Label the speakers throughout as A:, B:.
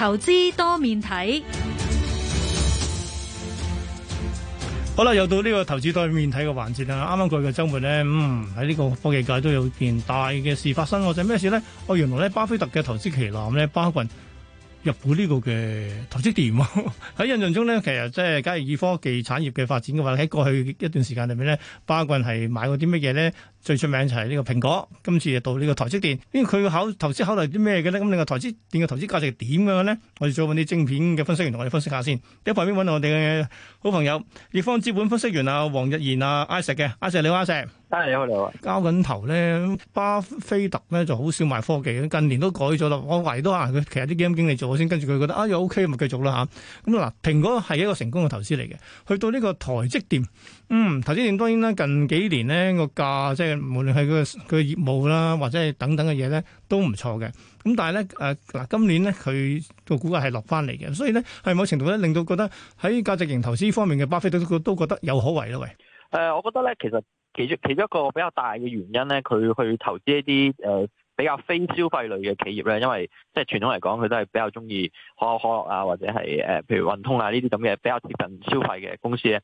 A: 投資多面
B: 睇，好啦，又到呢個投資多面睇嘅環節啦。啱啱過去嘅周末呢，嗯，喺呢個科技界都有件大嘅事發生。我就係咩事呢？我原來呢，巴菲特嘅投資旗艦呢，巴郡入股呢個嘅台積電喎。喺 印象中呢，其實即係假如以科技產業嘅發展嘅話，喺過去一段時間入面呢，巴郡係買過啲乜嘢呢？最出名就係呢個蘋果，今次就到呢個台積電，因為佢考投資考慮啲咩嘅咧？咁你個台積電嘅投資價值點樣咧？我哋再揾啲晶片嘅分析員同我哋分析下先。喺旁邊揾我哋嘅好朋友易方資本分析員啊，王逸研啊，阿石嘅，阿石你好，阿石。哎、交緊頭咧，巴菲特咧就好少買科技，近年都改咗啦。我維多拿佢其實啲基金經理做，先跟住佢覺得啊又 OK，咪繼續啦嚇。咁、啊、嗱，蘋果係一個成功嘅投資嚟嘅，去到呢個台積電，嗯，台積電當然啦，近幾年呢個價即係。無論係佢佢業務啦，或者係等等嘅嘢咧，都唔錯嘅。咁但係咧，誒、呃、嗱，今年咧佢個股價係落翻嚟嘅，所以咧係某程度咧令到覺得喺價值型投資方面嘅巴菲特都都覺得有可為咯，喂。
A: 誒、呃，我覺得咧，其實其中其中一個比較大嘅原因咧，佢去投資一啲誒、呃、比較非消費類嘅企業咧，因為即係傳統嚟講，佢都係比較中意可口可樂啊，或者係誒、呃、譬如運通啊呢啲咁嘅比較接近消費嘅公司咧。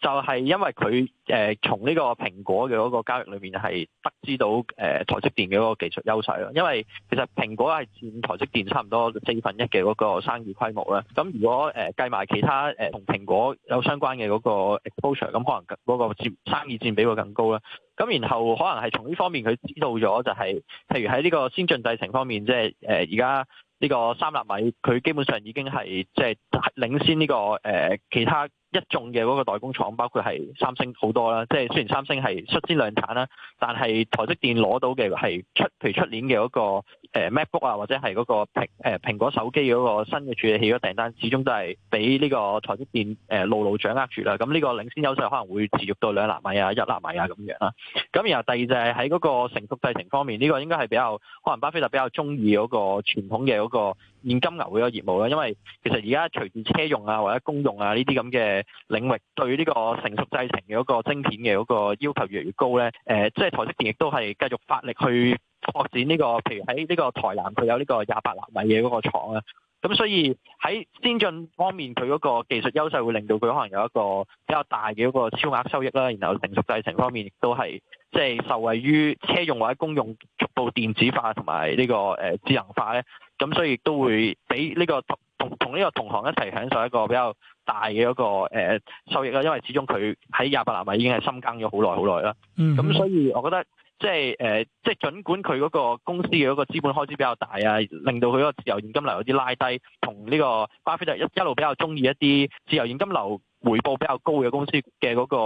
A: 就係因為佢誒、呃、從呢個蘋果嘅嗰個交易裏面係得知到誒、呃、台積電嘅嗰個技術優勢咯，因為其實蘋果係佔台積電差唔多四分一嘅嗰個生意規模啦。咁如果誒計埋其他誒同、呃、蘋果有相關嘅嗰個 exposure，咁可能嗰個生意佔比會更高啦。咁然後可能係從呢方面佢知道咗、就是，就係譬如喺呢個先進製程方面，即係誒而家呢個三納米，佢基本上已經係即係領先呢、這個誒、呃、其他。一眾嘅嗰個代工廠，包括係三星好多啦，即係雖然三星係率先量產啦，但係台積電攞到嘅係出，譬如出年嘅嗰個。誒、呃、MacBook 啊，或者係嗰個蘋誒、呃、果手機嗰個新嘅處理器嗰訂單，始終都係俾呢個台積電誒、呃、牢牢掌握住啦。咁呢個領先優勢可能會持續到兩納米啊、一納米啊咁樣啦、啊。咁然後第二就係喺嗰個成熟製程方面，呢、呢個應該係比較可能巴菲特比較中意嗰個傳統嘅嗰個現金牛嘅業務啦。因為其實而家隨住車用啊或者公用啊呢啲咁嘅領域，對呢個成熟製程嘅嗰個晶片嘅嗰個要求越嚟越高咧。誒、呃，即係台積電亦都係繼續發力去。拓展呢、這個，譬如喺呢個台南，佢有呢個廿八納米嘅嗰個廠啊，咁所以喺先進方面，佢嗰個技術優勢會令到佢可能有一個比較大嘅一個超額收益啦。然後成熟製程方面亦都係即係受惠於車用或者公用逐步電子化同埋呢個誒、呃、智能化咧，咁所以亦都會俾呢、這個同同同呢個同行一齊享受一個比較大嘅一個誒、呃、收益啦。因為始終佢喺廿八納米已經係深耕咗好耐好耐啦，咁所以我覺得。即係誒、呃，即係儘管佢嗰個公司嘅嗰個資本開支比較大啊，令到佢嗰個自由現金流有啲拉低，同呢個巴菲特一一路比較鍾意一啲自由現金流回報比較高嘅公司嘅嗰個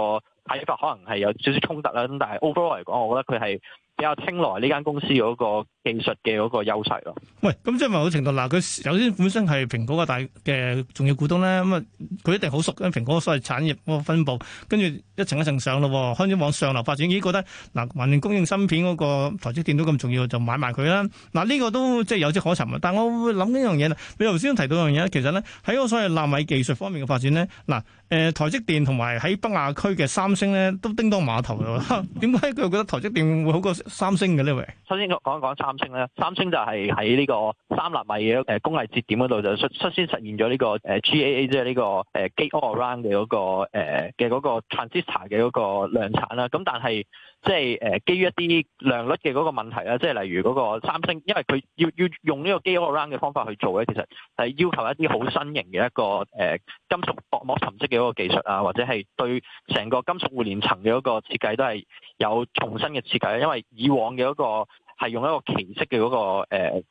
A: 睇法，可能係有少少衝突啦。咁但係 overall 嚟講，我覺得佢係比較青睞呢間公司嗰個技術嘅嗰個優勢咯。
B: 喂，咁即係某程度嗱，佢首先本身係蘋果嘅大嘅重要股東咧，咁啊佢一定好熟，因為蘋果個所謂產業嗰個分佈，跟住一層一層上咯，開始往上流發展。咦，覺得嗱，雲端供應芯片嗰個台積電都咁重要，就買埋佢啦。嗱，呢、這個都即係有跡可尋。但係我會諗呢樣嘢啦，你頭先提到樣嘢其實咧喺嗰所謂納米技術方面嘅發展咧，嗱，誒、呃、台積電同埋喺北亞區嘅三星咧都叮噹馬頭嘅啦。點解佢又覺得台積電會好過？三星嘅呢位，
A: 首先我講一講三星咧，三星就係喺呢個三納米嘅誒工藝節點嗰度就率先實現咗呢個誒 GAA 即係呢個誒 Gate All Around 嘅嗰個誒嘅嗰個 transistor 嘅嗰個量產啦，咁但係。即係誒、呃，基於一啲良率嘅嗰個問題啦，即係例如嗰個三星，因為佢要要用呢個 Gate All Around 嘅方法去做咧，其實係要求一啲好新型嘅一個誒、呃、金屬薄膜沉積嘅一個技術啊，或者係對成個金屬互連層嘅一個設計都係有重新嘅設計，因為以往嘅一、嗰個。係用一個奇式嘅嗰個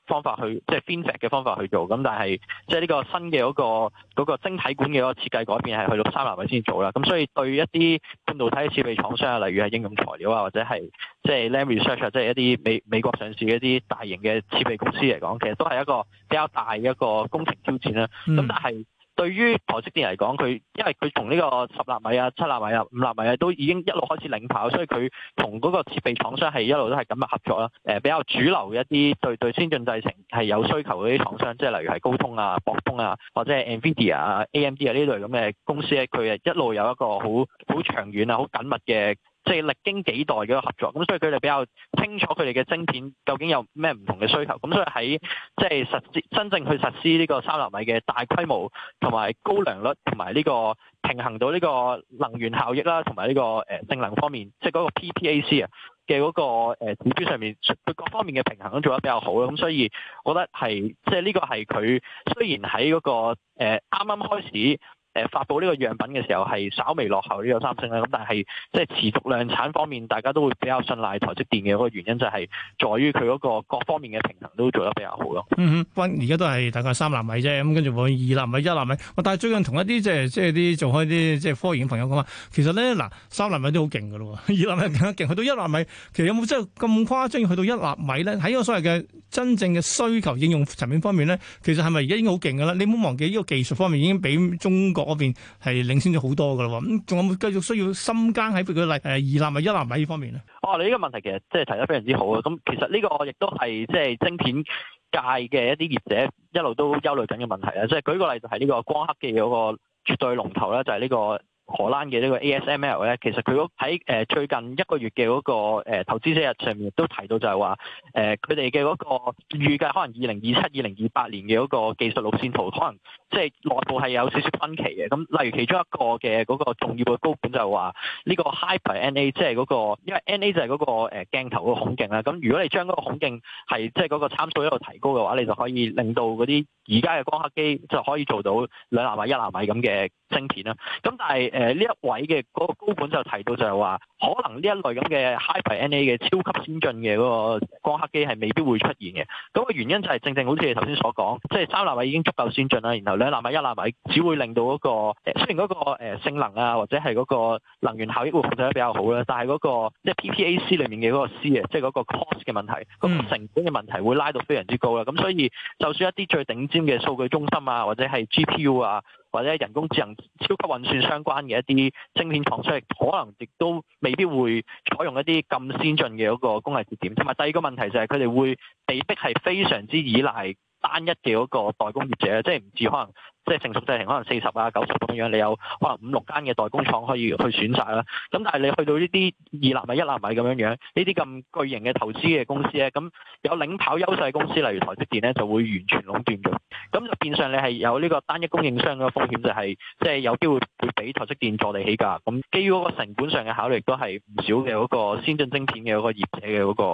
A: 方法去，即、就、係、是、FinFET 嘅方法去做，咁但係即係呢個新嘅嗰、那個嗰晶、那個、體管嘅嗰個設計改變係去到三納米先做啦。咁所以對一啲半導體設備廠商啊，例如係應用材料啊，或者係即係 Lam Research 啊，即係一啲美美國上市一啲大型嘅設備公司嚟講，其實都係一個比較大嘅一個工程挑戰啦。咁但係。對於台積電嚟講，佢因為佢從呢個十納米啊、七納米啊、五納米啊，都已經一路開始領跑，所以佢同嗰個設備廠商係一路都係緊密合作啦。誒、呃，比較主流一啲對對先進製程係有需求嗰啲廠商，即係例如係高通啊、博通啊，或者係 NVIDIA 啊、AMD 啊呢類咁嘅公司咧，佢係一路有一個好好長遠啊、好緊密嘅。即係歷經幾代嘅合作，咁所以佢哋比較清楚佢哋嘅晶片究竟有咩唔同嘅需求，咁所以喺即係實施真正去實施呢個三納米嘅大規模同埋高良率同埋呢個平衡到呢個能源效益啦、這個，同埋呢個誒性能方面，即係嗰個 PPAC 啊嘅、那、嗰個、呃、指標上面，佢各方面嘅平衡都做得比較好啦。咁所以，我覺得係即係呢個係佢雖然喺嗰、那個啱啱、呃、開始。誒發佈呢個樣品嘅時候係稍微落後呢個三星啦，咁但係即係持續量產方面，大家都會比較信賴台積電嘅一、嗰個原因就係在於佢嗰個各方面嘅平衡都做得比較好
B: 咯。嗯哼、嗯，而家都係大概三納米啫，咁跟住會二納米、一納米。但係最近同一啲即係即係啲做開啲即係科研嘅朋友講話，其實咧嗱，三納米都好勁㗎咯，二納米更加勁，去到一納米，其實有冇真係咁誇張去到一納米咧？喺個所謂嘅真正嘅需求應用層面方面咧，其實係咪而家已經好勁㗎啦？你唔好忘記呢個技術方面已經比中國。我邊係領先咗好多噶啦，咁、嗯、仲有冇繼續需要深耕喺佢嘅例，誒、呃，二納米、一納米呢方面咧？
A: 哦，你、這、呢個問題其實即係提得非常之好啊！咁其實呢個亦都係即係晶片界嘅一啲業者一路都憂慮緊嘅問題啦。即係舉個例，就係、是、呢個光刻機嗰個絕對龍頭咧，就係、是、呢、這個。荷蘭嘅呢個 ASML 咧，其實佢喺誒最近一個月嘅嗰個投資者日上面都提到就係話，誒佢哋嘅嗰個預計可能二零二七、二零二八年嘅嗰個技術路線圖，可能即係內部係有少少分歧嘅。咁例如其中一個嘅嗰個重要嘅高管，這個、NA，就係話，呢個 Hyper NA 即係嗰個，因為 NA 就係嗰個誒鏡頭嗰個孔徑啦。咁如果你將嗰個孔徑係即係嗰個參數一路提高嘅話，你就可以令到嗰啲而家嘅光刻機就可以做到兩納米、一納米咁嘅晶片啦。咁但係，誒呢、呃、一位嘅嗰高管就提到就係話，可能呢一類咁嘅 High NA 嘅超級先進嘅嗰個光刻機係未必會出現嘅。咁、那個原因就係正正好似你頭先所講，即係三納米已經足夠先進啦。然後兩納米、一納米只會令到嗰、那個誒、呃，雖然嗰、那個、呃、性能啊或者係嗰個能源效益會控制得比較好啦，但係嗰、那個即係 PPAC 裡面嘅嗰個 C 嘅，即係嗰個 cost 嘅問題，嗰、嗯、成本嘅問題會拉到非常之高啦。咁所以，就算一啲最頂尖嘅數據中心啊，或者係 GPU 啊。或者人工智能、超級運算相關嘅一啲晶片廠商出嚟，可能亦都未必會採用一啲咁先進嘅嗰個工藝節點。同埋第二個問題就係佢哋會被逼係非常之依賴單一嘅嗰個代工業者，即係唔止可能。即係成熟製程可能四十啊、九十咁樣，你有可能五六間嘅代工廠可以去選擇啦。咁但係你去到呢啲二納米、一納米咁樣樣，呢啲咁巨型嘅投資嘅公司咧，咁有領跑優勢公司，例如台積電咧，就會完全壟斷咗。咁就變相你係有呢個單一供應商嘅風險，就是，就係即係有機會會俾台積電坐地起價。咁基於嗰個成本上嘅考慮，都係唔少嘅嗰個先進晶片嘅嗰個業者嘅嗰個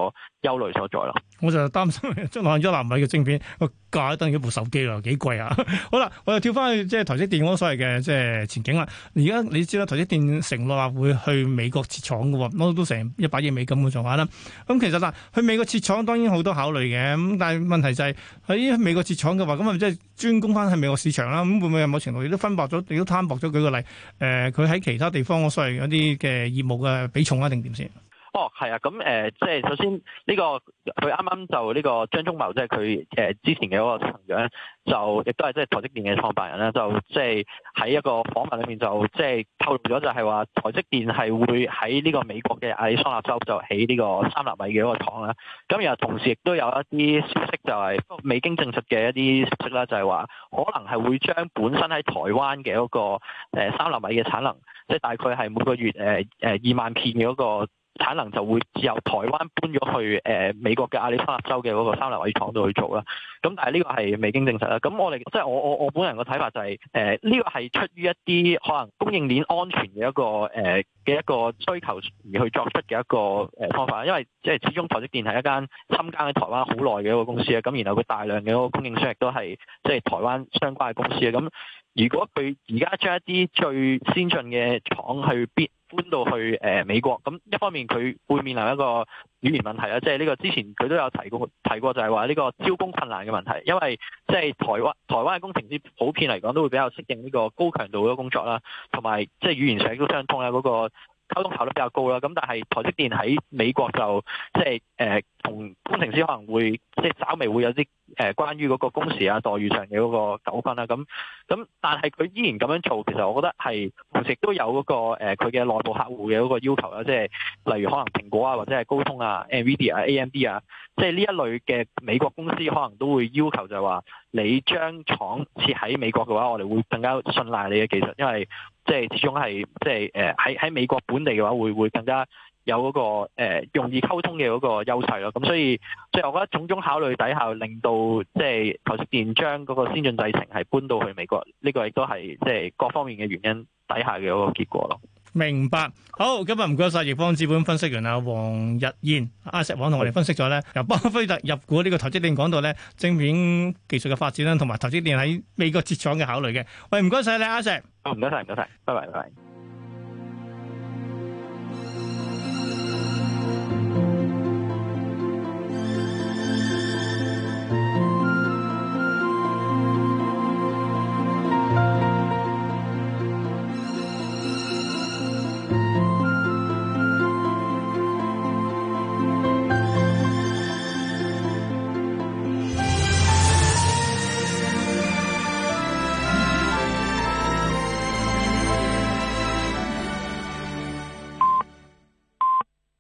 A: 憂慮所在咯。
B: 我就擔心將來一納米嘅晶片個價，等於一部手機啦，幾貴啊！ 好啦，跳翻去即係台積電嗰所謂嘅即係前景啦。而家你知啦，台積電承諾話會去美國設廠嘅喎，都都成一百億美金嘅做法啦。咁其實嗱，去美國設廠當然好多考慮嘅。咁但係問題就係喺美國設廠嘅話，咁咪即係專攻翻去美國市場啦。咁會唔會有某程度亦都分薄咗，都攤薄咗？舉個例，誒、呃，佢喺其他地方我所謂嗰啲嘅業務嘅比重啊，定點先？
A: 哦，係啊，咁誒、呃，即係首先呢、這個佢啱啱就呢、這個張忠謀，即係佢誒之前嘅嗰個同樣，就亦都係即係台積電嘅創辦人啦，就即係喺一個訪問裏面就即係透露咗，就係話台積電係會喺呢個美國嘅亞利桑那州就起呢個三納米嘅嗰個廠啦。咁然又同時亦都有一啲消息、就是，就係未經證實嘅一啲消息啦，就係話可能係會將本身喺台灣嘅嗰個、呃、三納米嘅產能，即、就、係、是、大概係每個月誒誒、呃呃、二萬片嘅嗰、那個。產能就會由台灣搬咗去誒、呃、美國嘅亞利桑那州嘅嗰個三吋位廠度去做啦。咁但係呢個係未經證實啦。咁我哋即係我我我本人嘅睇法就係誒呢個係出於一啲可能供應鏈安全嘅一個誒嘅、呃、一個需求而去作出嘅一個誒方法，因為即係始終台積電係一間深耕喺台灣好耐嘅一個公司啊。咁然後佢大量嘅嗰個供應商亦都係即係台灣相關嘅公司啊。咁如果佢而家將一啲最先進嘅廠去 b 搬到去誒、呃、美國，咁一方面佢會面臨一個語言問題啦，即係呢個之前佢都有提過，提過就係話呢個招工困難嘅問題，因為即係台灣台灣嘅工程師普遍嚟講都會比較適應呢個高強度嘅工作啦，同埋即係語言上都相通啦，嗰、那個溝通效率比較高啦，咁但係台積電喺美國就即係誒。呃同工程師可能會即係稍微會有啲誒、呃、關於嗰個工時啊、待遇上嘅嗰個糾紛啦，咁咁但係佢依然咁樣做，其實我覺得係同時都有嗰、嗰個佢嘅、呃、內部客戶嘅嗰個要求啦，即係例如可能蘋果啊或者係高通啊、NVIDIA、AMD 啊，即係呢一類嘅美國公司可能都會要求就係話你將廠設喺美國嘅話，我哋會更加信賴你嘅技術，因為即係始終係即係誒喺喺美國本地嘅話，會會更加。有嗰、那個、呃、容易溝通嘅嗰個優勢咯，咁所以即係我覺得種種考慮底下，令到即係台積電將嗰個先進製程係搬到去美國，呢、這個亦都係即係各方面嘅原因底下嘅一個結果咯。
B: 明白，好，今日唔該晒。易方資本分析員阿王逸研阿石，王同我哋分析咗咧，嗯、由巴菲特入股呢個台積電講到咧，正面技術嘅發展啦，同埋台積電喺美國設廠嘅考慮嘅。喂，唔該晒你，阿石。好，唔該晒，唔該晒，謝謝拜，拜，拜拜。